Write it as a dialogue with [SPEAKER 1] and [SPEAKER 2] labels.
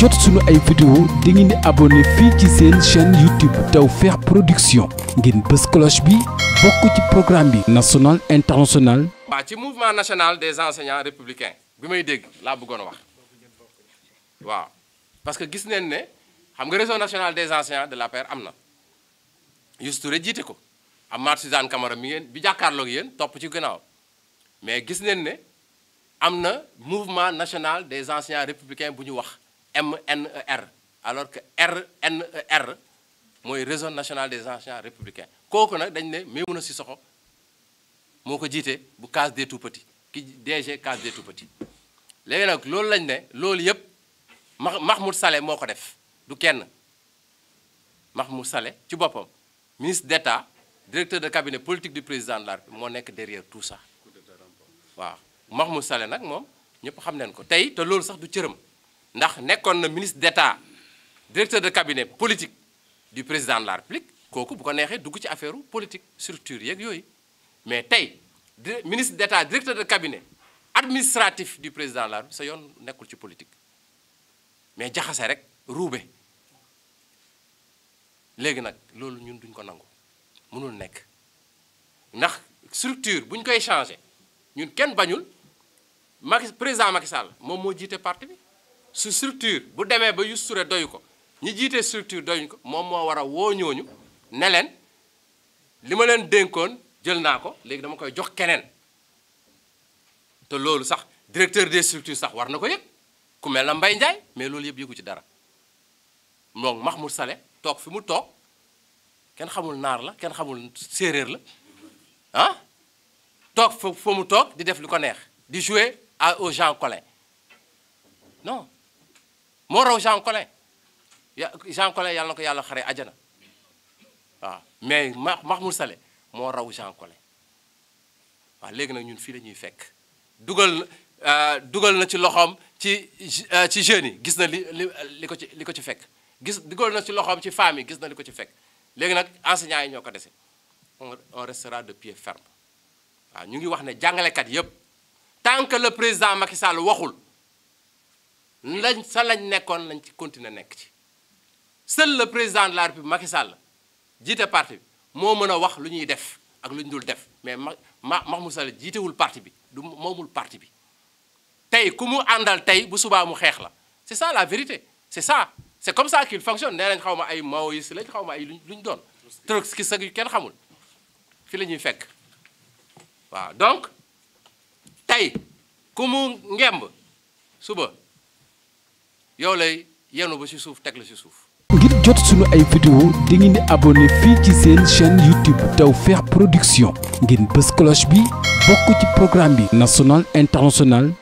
[SPEAKER 1] jot suñu ay vidéo da ngeen di abonné fii ci seen chaîne YouTube Tawfekh Production ngeen bës cloche bi bokk ci programme bi national international waaw ci mouvement national des enseignants républicains bi may dégg laa bëggoon wax waaw parce que gis neen ne xam nga réseau national des enseignants de la paire am na Youssou jiite ko Amath Suzanne Camara mi ngeen bi jàkkaarlook yéen topp ci gannaaw mais gis neen ne am na mouvement national des enseignants républicains bu ñu wax MNER alors que RNER e mooy réseau national des enseignants républicains kooku nag dañ ne si soxo moo ko jiite bu case des tout petits ki DG case des tout petits léegi nag loolu lañ ne loolu yëpp ma Mahmoud Saleh moo ko def du kenn Mahmoud Saleh ci boppam ministre d'État directeur de cabinet politique du président de la moo nekk derrière tout sax waaw Mahmoud Saleh nag moom ñëpp xam nañ ko tey te loolu sax du cëram ndax nekkoon na ministre d'État directeur de cabinet politique du président la République kooku bu ko neexee dugg ci affaire politique structure yeeg yooyu mais tey ministre d'État directeur de cabinet administratif du président la République sa yoon nekkul ci politique mais jaxase rek ruube léegi nag loolu ñun duñ ko nangu mënul nekk ndax structure bu ñu koy changé ñun kenn bañul Macky président Macky Sall moom moo jiite parti bi su structure bu demee ba Youssou Touré doyu ko ñi jiitee structure doyuñ ko moom moo wara a woo ñooñu ne leen li ma leen dénkoon jël naa ko léegi dama koy jox keneen te loolu sax directeur des structures sax war na ko yëg ku mel na mbay Ndiaye mais loolu yëpp yëgu ci dara max mu sale toog fi mu toog kenn xamul naar la kenn xamul séeréer la ah toog fa fa mu toog di def lu ko neex di jouer au aux gens collés non moo raw Jean Collin yàlla na ko yàlla xare ajana waaw mais max Mahmoud Saleh moo raw Jean Collin waaw léegi nag ñun fii la fekk dugal euh, dugal na ci loxoom ci euh, ci jeunes yi gis na li li li ko ci li ko ci fekk gis dugal na ci loxoom ci femmes yi gis na li ko ci fekk léegi nag enseignants yi ñoo ko dese on restera de pied ferme waaw ñu ngi wax ne jàngalekat yépp tant que le président Macky Sall waxul lañ sa lañ nekkoon lañ ci continuer nekk ci seul le président de la république Macky Sall jiite parti moo mën a wax lu ñuy def ak lu ñu dul def mais ma ma Mahmoud Sall jiitewul parti bi du moomul parti bi tey ku mu àndal tey bu subaa mu xeex la c'est ça la vérité c'est ça c'est comme ça qu'il fonctionne nee nañ xaw ma ay maoïstes lañ xaw ma ay lu ñu doon trotski sag yu kenn xamul fi la ñuy fekk waaw donc tey ku mu ngemb suba yow lay yenu ba ci suuf teg ci suuf. ngir jot sunu ay vidéo di ngeen di abonné fii ci seen chaîne YouTube Tawfekh Production ngeen bës cloche bi bokk ci programme bi national international.